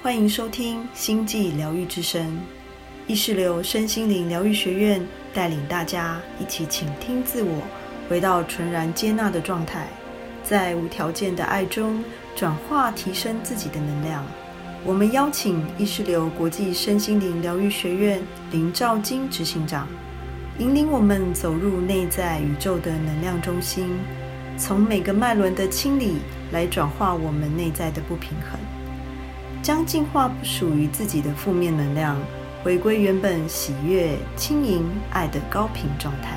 歡迎收聽《星際療癒之聲》，藝識流身心靈療癒學院帶領大家一起傾聽自我，回到純然接納的狀態，在無條件的愛中轉化提升自己的能量。我們邀請藝識流國際身心靈療癒學院林兆金執行長，引領我們走入內在宇宙的能量中心，從每個脈輪的清理來轉化我們內在的不平衡。將淨化不屬於自己的負面能量，回歸原本喜悅、輕盈、愛的高頻狀態。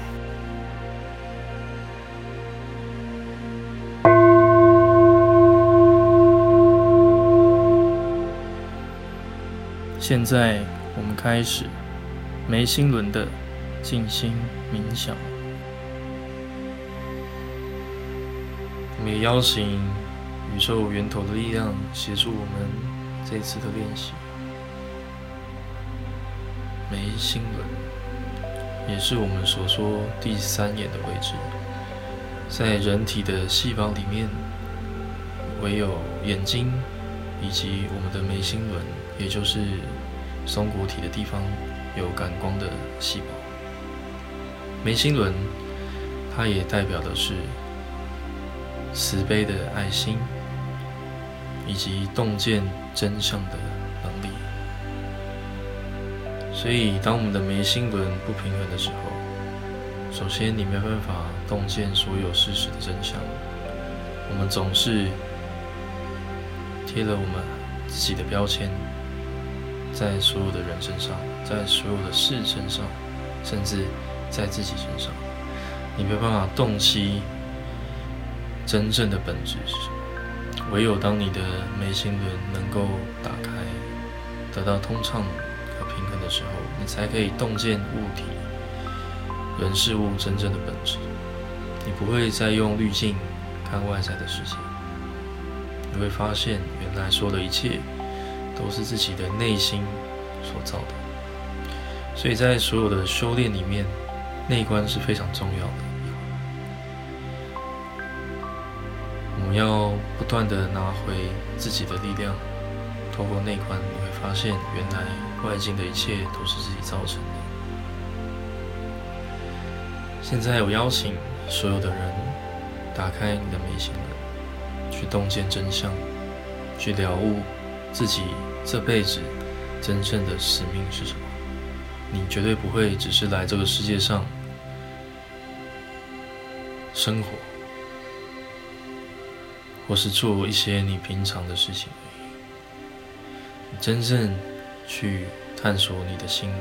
現在我們開始，眉心輪的靜心冥想。我們邀請宇宙源頭的力量協助我們。這次的練習，眉心輪也是我們所說第三眼的位置，在人體的細胞裡面，唯有眼睛以及我們的眉心輪，也就是松果體的地方有感光的細胞。眉心輪，它也代表的是慈悲的愛心。以及洞見真相的能力。所以，當我們的眉心輪不平衡的時候，首先你沒辦法洞見所有事實的真相。我們總是貼了我們自己的標籤，在所有的人身上，在所有的事身上，甚至在自己身上，你沒辦法洞悉真正的本質是什麼。唯有當你的眉心輪能夠打開，得到通暢和平衡的時候，你才可以洞見物體、人事物真正的本質。你不會再用濾鏡看外在的世界，你會發現原來說的一切都是自己的內心所造的。所以在所有的修煉裡面，內觀是非常重要的。你要不斷的拿回自己的力量，透過內觀你會發現原來外境的一切都是自己造成的。現在我邀請所有的人，打開你的眉心門，去洞見真相，去了悟自己這輩子真正的使命是什麼？你絕對不會只是來這個世界上生活。或是做一些你平常的事情，真正去探索你的心理，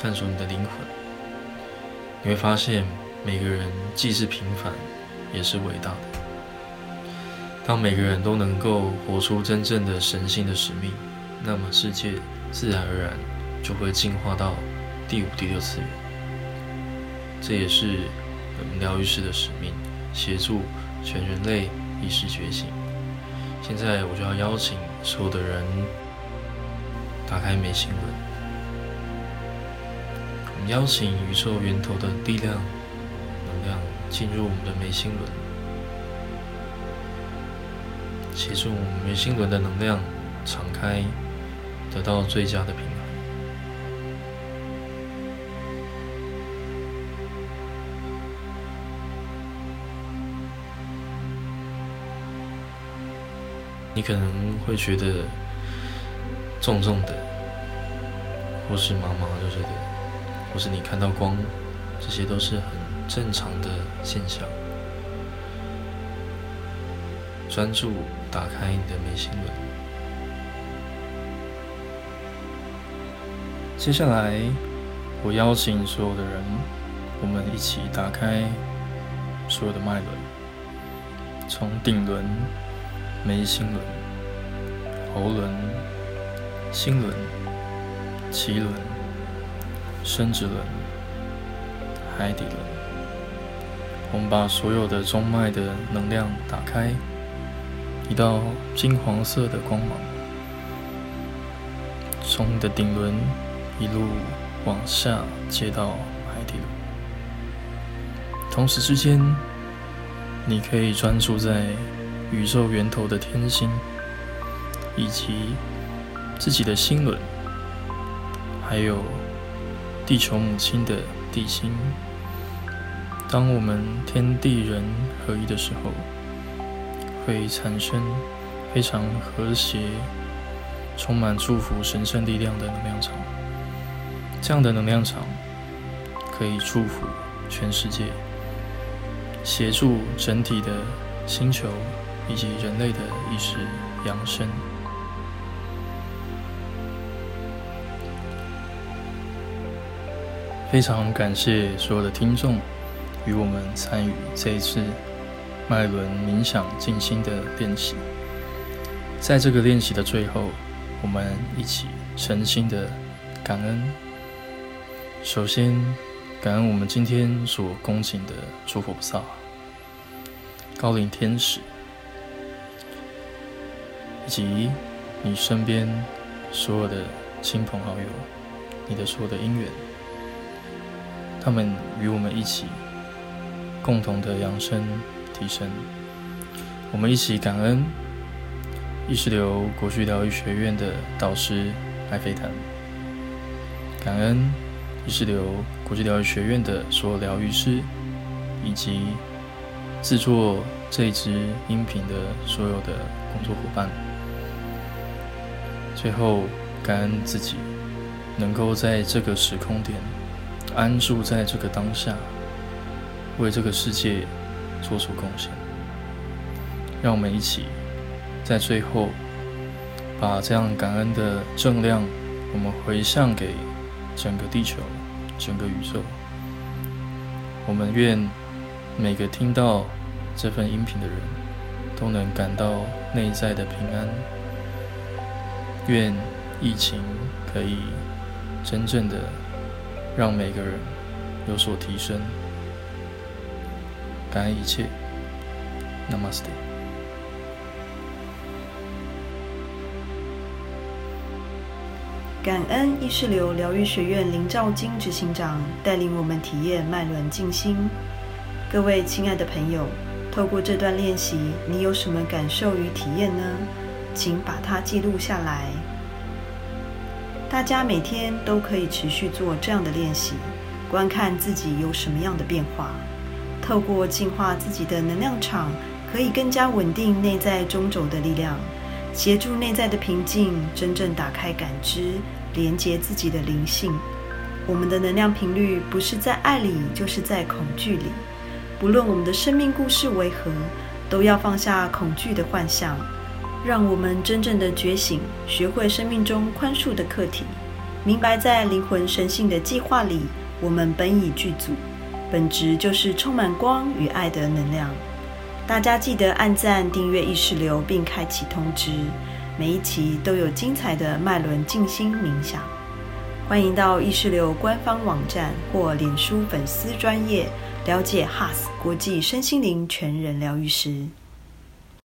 探索你的靈魂，你會發現每個人既是平凡，也是偉大的。當每個人都能夠活出真正的神性的使命，那麼世界自然而然就會進化到第五、第六次元。這也是我們療癒師的使命，協助全人類。意識覺醒，現在我就要邀請所有的人打開眉心輪。我們邀請宇宙源頭的力量、能量進入我們的眉心輪，協助我們眉心輪的能量敞開，得到最佳的平衡。你可能會覺得重重的，或是麻麻就是的，或是你看到光，這些都是很正常的現象。專注打開你的眉心輪。接下來，我邀請所有的人，我們一起打開所有的脈輪，從頂輪。眉心輪、喉輪、心輪、臍輪、生殖輪、海底輪，我們把所有的中脈的能量打開，一道金黃色的光芒從你的頂輪一路往下接到海底輪，同時之間，你可以專注在。宇宙源頭的天星，以及自己的心輪，還有地球母親的地心。當我們天地人合一的時候，會產生非常和諧、充滿祝福、神聖力量的能量場。這樣的能量場可以祝福全世界，協助整體的星球。以及人類的意識、揚升，非常感謝所有的聽眾與我們參與這一次脈輪冥想靜心的練習。在這個練習的最後，我們一起誠心的感恩。首先，感恩我們今天所恭請的諸佛菩薩、高齡天使。以及你身邊所有的親朋好友，你的所有的姻緣，他們與我們一起共同的揚升提升，我們一起感恩藝識流國際療癒學院的導師艾菲坦。感恩藝識流國際療癒學院的所有療癒師，以及制作這一支音頻的所有的工作夥伴。最後，感恩自己能夠在這個時空點安住在這個當下，為這個世界做出貢獻。讓我們一起在最後把這樣感恩的正量，我們回向給整個地球、整個宇宙。我們願每個聽到這份音頻的人都能感到內在的平安。願疫情可以真正的讓每個人有所提升。感恩一切，Namaste。Nam 感恩藝識流療癒學院林兆金執行長帶領我們體驗脈輪靜心。各位親愛的朋友，透過這段練習，你有什麼感受與體驗呢？請把它記錄下來。大家每天都可以持續做這樣的練習，觀看自己有什麼樣的變化。透過淨化自己的能量場，可以更加穩定內在中軸的力量，協助內在的平靜，真正打開感知，連接自己的靈性。我們的能量頻率不是在愛裡，就是在恐懼裡。不論我們的生命故事為何，都要放下恐懼的幻想。讓我們真正的覺醒，學會生命中寬恕的課題，明白在靈魂神性的計劃裡，我們本已具足，本質就是充滿光與愛的能量。大家記得按讚、訂閱藝識流，並開啟通知，每一期都有精彩的脈輪靜心冥想。歡迎到藝識流官方網站或臉書粉絲專頁，了解 HAS 國際身心靈全人療癒師。